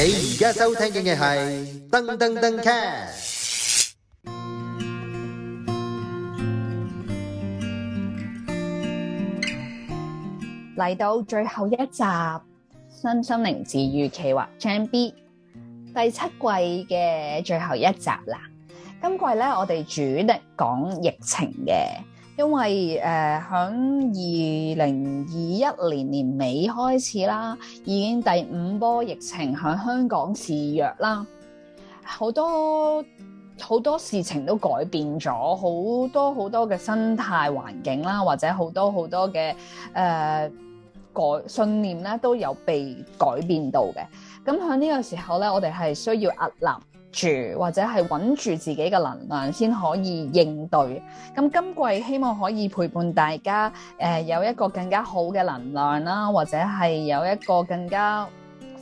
你而家收聽嘅係噔噔噔 cast，嚟到最後一集《新心靈治愈企劃》張 B 第七季嘅最後一集啦。今季咧，我哋主力講疫情嘅。因為誒，響二零二一年年尾開始啦，已經第五波疫情喺香港肆虐啦，好多好多事情都改變咗，好多好多嘅生態環境啦，或者好多好多嘅誒、呃、改信念咧，都有被改變到嘅。咁喺呢個時候咧，我哋係需要屹立住或者係穩住自己嘅能量先可以應對。咁今季希望可以陪伴大家，誒、呃、有一個更加好嘅能量啦，或者係有一個更加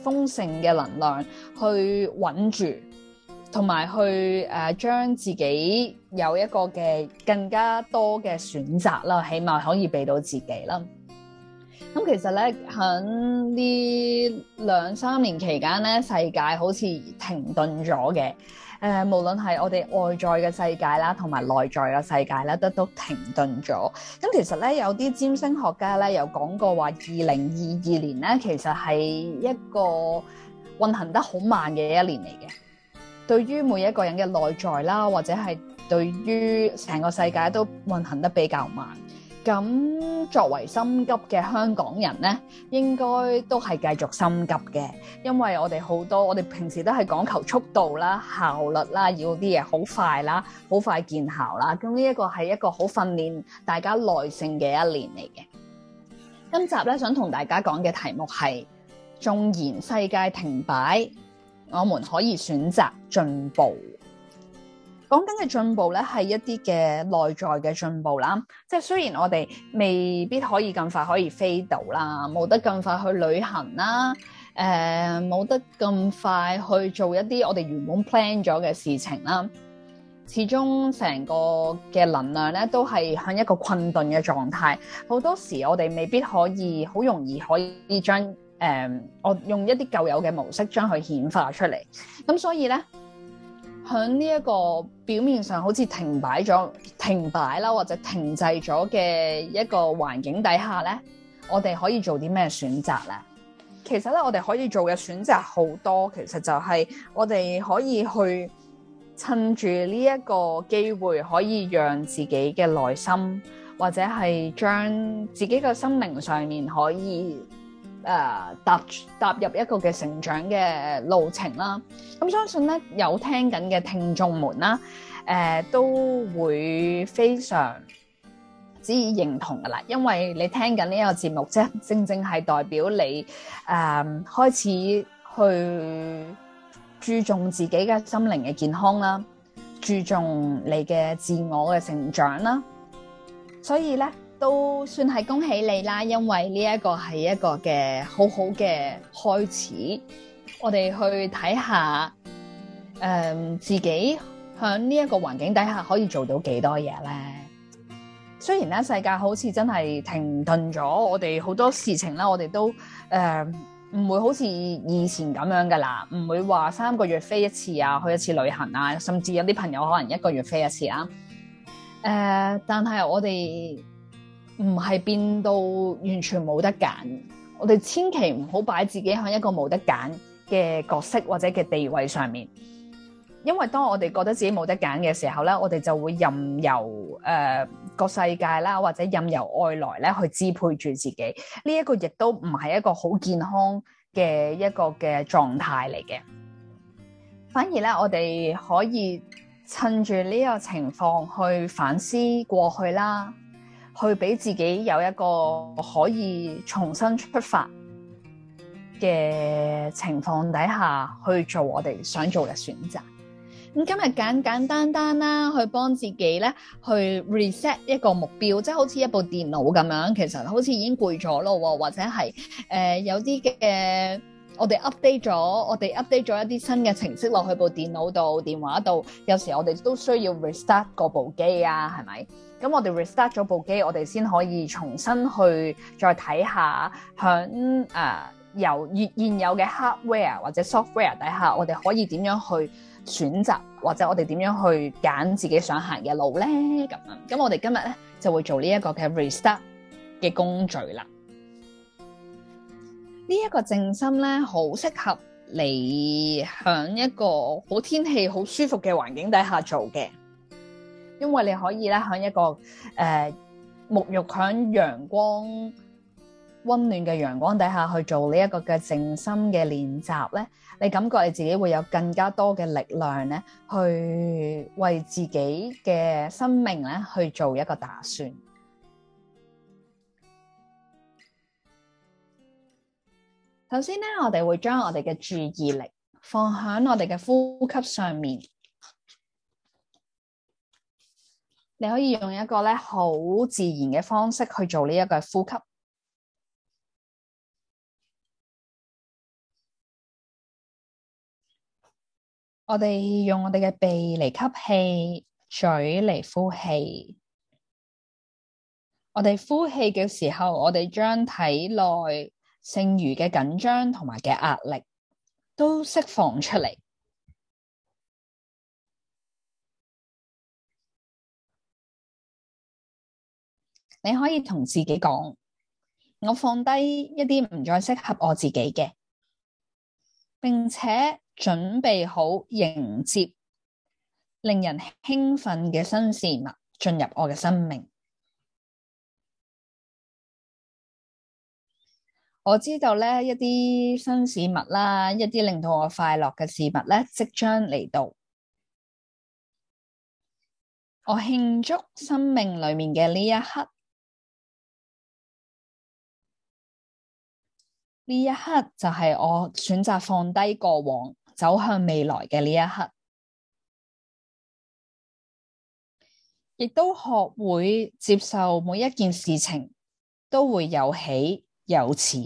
豐盛嘅能量去穩住，同埋去誒、呃、將自己有一個嘅更加多嘅選擇啦，起碼可以俾到自己啦。咁其實咧，喺呢兩三年期間咧，世界好似停頓咗嘅。誒、呃，無論係我哋外在嘅世界啦，同埋內在嘅世界咧，都都停頓咗。咁其實咧，有啲占星學家咧，有講過話，二零二二年咧，其實係一個運行得好慢嘅一年嚟嘅。對於每一個人嘅內在啦，或者係對於成個世界都運行得比較慢。咁作為心急嘅香港人呢，應該都係繼續心急嘅，因為我哋好多，我哋平時都係講求速度啦、效率啦，要啲嘢好快啦、好快見效啦。咁呢一個係一個好訓練大家耐性嘅一年嚟嘅。今集呢，想同大家講嘅題目係縱然世界停擺，我們可以選擇進步。講緊嘅進步咧，係一啲嘅內在嘅進步啦。即係雖然我哋未必可以咁快可以飛到啦，冇得咁快去旅行啦，誒、呃、冇得咁快去做一啲我哋原本 plan 咗嘅事情啦。始終成個嘅能量咧，都係向一個困頓嘅狀態。好多時我哋未必可以好容易可以將誒我用一啲舊有嘅模式將佢顯化出嚟。咁所以咧。喺呢一個表面上好似停擺咗、停擺啦或者停滯咗嘅一個環境底下咧，我哋可以做啲咩選擇咧？其實咧，我哋可以做嘅選擇好多。其實就係我哋可以去趁住呢一個機會，可以讓自己嘅內心或者係將自己嘅心靈上面可以。誒、uh, 踏踏入一個嘅成長嘅路程啦，咁、嗯、相信呢有聽緊嘅聽眾們啦，誒、呃、都會非常之認同㗎喇，因為你聽緊呢一個節目啫，正正係代表你誒、呃、開始去注重自己嘅心靈嘅健康啦，注重你嘅自我嘅成長啦，所以呢，都算係恭喜你啦，因為呢一個係一個嘅好好嘅開始。我哋去睇下，誒、呃，自己響呢一個環境底下可以做到幾多嘢咧？雖然咧世界好似真係停頓咗，我哋好多事情啦，我哋都誒唔、呃、會好似以前咁樣噶啦，唔會話三個月飛一次啊，去一次旅行啊，甚至有啲朋友可能一個月飛一次啊。誒、呃，但係我哋。唔係變到完全冇得揀，我哋千祈唔好擺自己喺一個冇得揀嘅角色或者嘅地位上面，因為當我哋覺得自己冇得揀嘅時候咧，我哋就會任由誒個、呃、世界啦，或者任由外來咧去支配住自己，呢、這個、一個亦都唔係一個好健康嘅一個嘅狀態嚟嘅。反而咧，我哋可以趁住呢個情況去反思過去啦。去俾自己有一個可以重新出發嘅情況底下，去做我哋想做嘅選擇。咁、嗯、今日簡簡單單啦，去幫自己咧去 reset 一個目標，即係好似一部電腦咁樣，其實好似已經攰咗咯，或者係誒、呃、有啲嘅。我哋 update 咗，我哋 update 咗一啲新嘅程式落去部電腦度、電話度。有時我哋都需要 restart 個部機啊，係咪？咁我哋 restart 咗部機，我哋先可以重新去再睇下，響、呃、誒由現現有嘅 hardware 或者 software 底下，我哋可以點樣去選擇或者我哋點樣去揀自己想行嘅路咧？咁樣，咁我哋今日咧就會做呢一個嘅 restart 嘅工序啦。呢一個靜心咧，好適合你響一個好天氣、好舒服嘅環境底下做嘅，因為你可以咧響一個誒、呃、沐浴響陽光溫暖嘅陽光底下去做呢一個嘅靜心嘅練習咧，你感覺你自己會有更加多嘅力量咧，去為自己嘅生命咧去做一個打算。首先咧，我哋會將我哋嘅注意力放喺我哋嘅呼吸上面。你可以用一個咧好自然嘅方式去做呢一個呼吸。我哋用我哋嘅鼻嚟吸氣，嘴嚟呼氣。我哋呼氣嘅時候，我哋將體內。剩餘嘅緊張同埋嘅壓力都釋放出嚟，你可以同自己講：我放低一啲唔再適合我自己嘅，並且準備好迎接令人興奮嘅新事物進入我嘅生命。我知道咧，一啲新事物啦，一啲令到我快樂嘅事物咧，即將嚟到。我慶祝生命裏面嘅呢一刻，呢一刻就係我選擇放低過往，走向未來嘅呢一刻，亦都學會接受每一件事情都會有喜。由此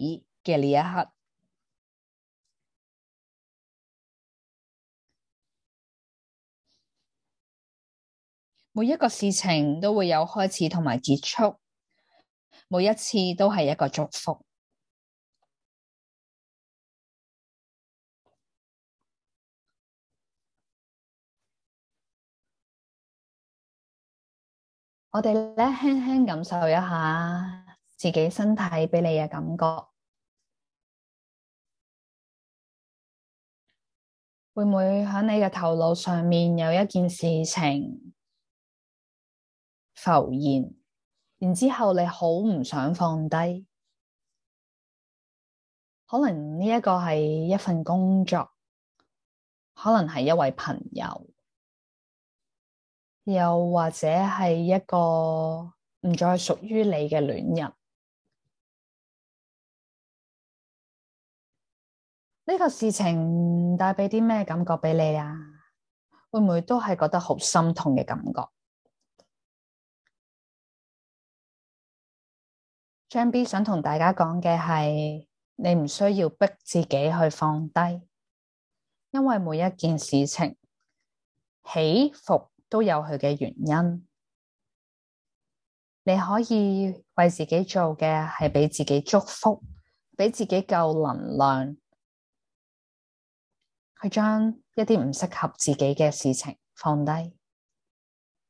嘅呢一刻，每一個事情都會有開始同埋結束，每一次都係一個祝福我呢。我哋咧，輕輕感受一下。自己身體畀你嘅感覺，會唔會喺你嘅頭腦上面有一件事情浮現？然之後你好唔想放低，可能呢一個係一份工作，可能係一位朋友，又或者係一個唔再屬於你嘅戀人。呢個事情帶畀啲咩感覺畀你啊？會唔會都係覺得好心痛嘅感覺？張 B 想同大家講嘅係，你唔需要逼自己去放低，因為每一件事情，起伏都有佢嘅原因。你可以為自己做嘅係畀自己祝福，畀自己夠能量。佢將一啲唔適合自己嘅事情放低，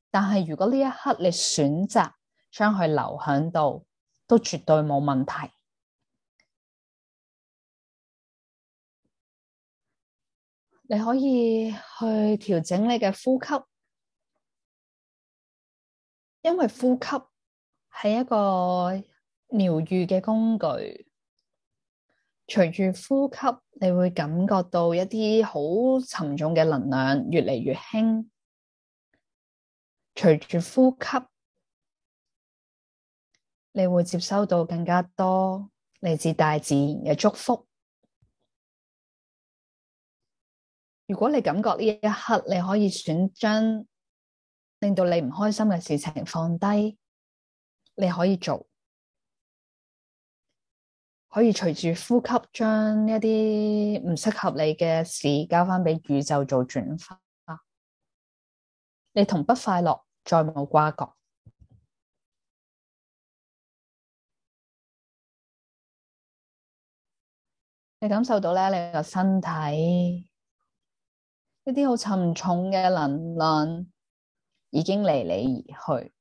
但係如果呢一刻你選擇將佢留喺度，都絕對冇問題。你可以去調整你嘅呼吸，因為呼吸係一個療癒嘅工具。隨住呼吸，你會感覺到一啲好沉重嘅能量越嚟越輕。隨住呼吸，你會接收到更加多嚟自大自然嘅祝福。如果你感覺呢一刻你可以選將令到你唔開心嘅事情放低，你可以做。可以隨住呼吸，將一啲唔適合你嘅事交翻畀宇宙做轉化。你同不快樂再冇瓜葛。你感受到呢，你個身體一啲好沉重嘅能量已經離你而去。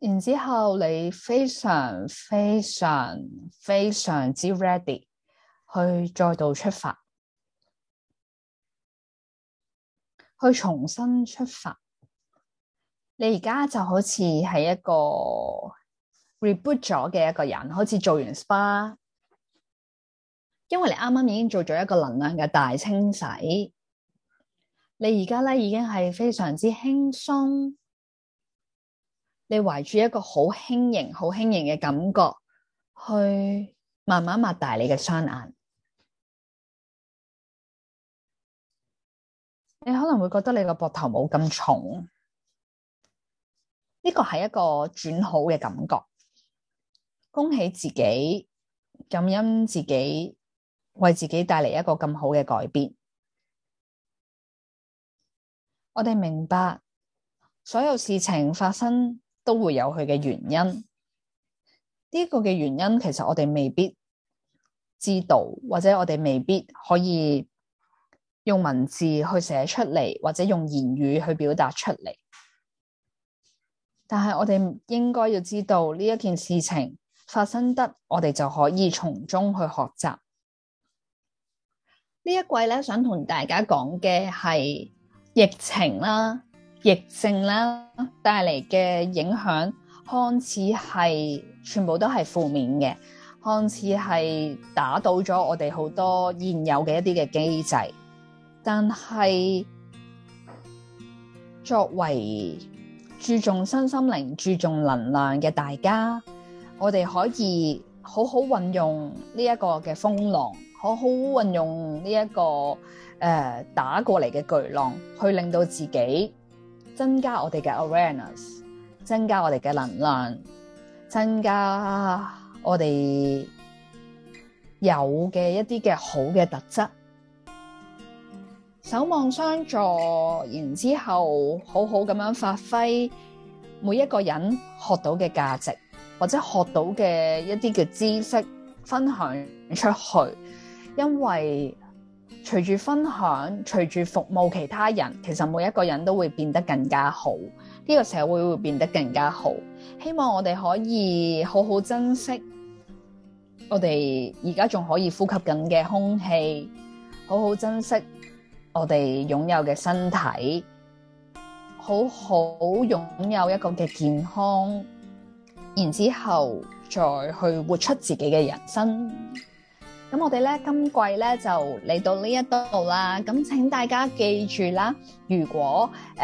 然之後，你非常非常非常之 ready 去再度出發，去重新出發。你而家就好似係一個 reboot 咗嘅一個人，好似做完 spa，因為你啱啱已經做咗一個能量嘅大清洗。你而家咧已經係非常之輕鬆。你懷住一個好輕盈、好輕盈嘅感覺，去慢慢擘大你嘅雙眼。你可能會覺得你個膊頭冇咁重，呢個係一個轉好嘅感覺。恭喜自己，感恩自己，為自己帶嚟一個咁好嘅改變。我哋明白，所有事情發生。都會有佢嘅原因，呢個嘅原因其實我哋未必知道，或者我哋未必可以用文字去寫出嚟，或者用言語去表達出嚟。但係我哋應該要知道呢一件事情發生得，我哋就可以從中去學習。呢一季咧，想同大家講嘅係疫情啦。疫症啦，帶嚟嘅影響，看似係全部都係負面嘅，看似係打倒咗我哋好多現有嘅一啲嘅機制。但係作為注重身心靈、注重能量嘅大家，我哋可以好好運用呢一個嘅風浪，好好運用呢、這、一個誒、呃、打過嚟嘅巨浪，去令到自己，增加我哋嘅 awareness，增加我哋嘅能量，增加我哋有嘅一啲嘅好嘅特質，守望相助，然之後好好咁樣發揮每一個人學到嘅價值，或者學到嘅一啲嘅知識分享出去，因為。隨住分享，隨住服務其他人，其實每一個人都會變得更加好，呢個社會會變得更加好。希望我哋可以好好珍惜我哋而家仲可以呼吸緊嘅空氣，好好珍惜我哋擁有嘅身體，好好擁有一個嘅健康，然之後再去活出自己嘅人生。咁我哋咧今季咧就嚟到呢一度啦，咁、嗯、請大家記住啦。如果誒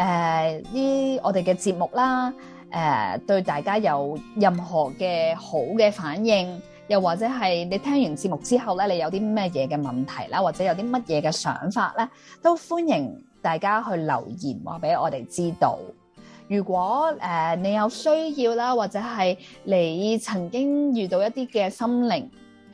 啲、呃、我哋嘅節目啦，誒、呃、對大家有任何嘅好嘅反應，又或者係你聽完節目之後咧，你有啲咩嘢嘅問題啦，或者有啲乜嘢嘅想法咧，都歡迎大家去留言話俾我哋知道。如果誒、呃、你有需要啦，或者係你曾經遇到一啲嘅心靈，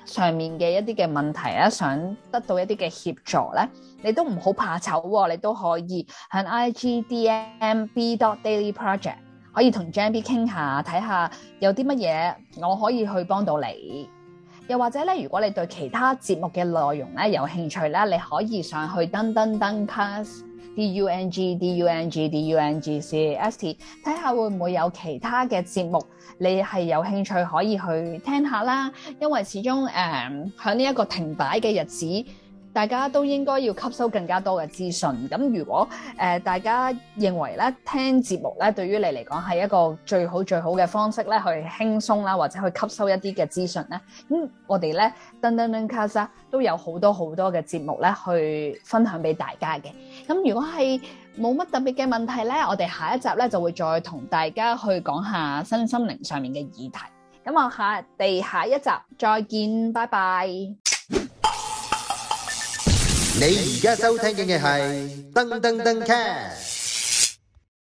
上面嘅一啲嘅問題咧，想得到一啲嘅協助咧，你都唔好怕醜喎，你都可以向 IGDMB Daily Project 可以同 Jammy 傾下，睇下有啲乜嘢我可以去幫到你。又或者咧，如果你對其他節目嘅內容咧有興趣咧，你可以上去登登登 class。D U N G D U N G D U N G C A S T，睇下會唔會有其他嘅節目，你係有興趣可以去聽下啦。因為始終誒喺呢一個停擺嘅日子。大家都應該要吸收更加多嘅資訊。咁如果誒、呃、大家認為咧聽節目咧對於你嚟講係一個最好最好嘅方式咧去輕鬆啦，或者去吸收一啲嘅資訊咧。咁我哋咧噔噔噔卡莎都有好多好多嘅節目咧去分享俾大家嘅。咁如果係冇乜特別嘅問題咧，我哋下一集咧就會再同大家去講下身心靈上面嘅議題。咁我哋下一集再見，拜拜。你而家收聽嘅係噔噔噔 cat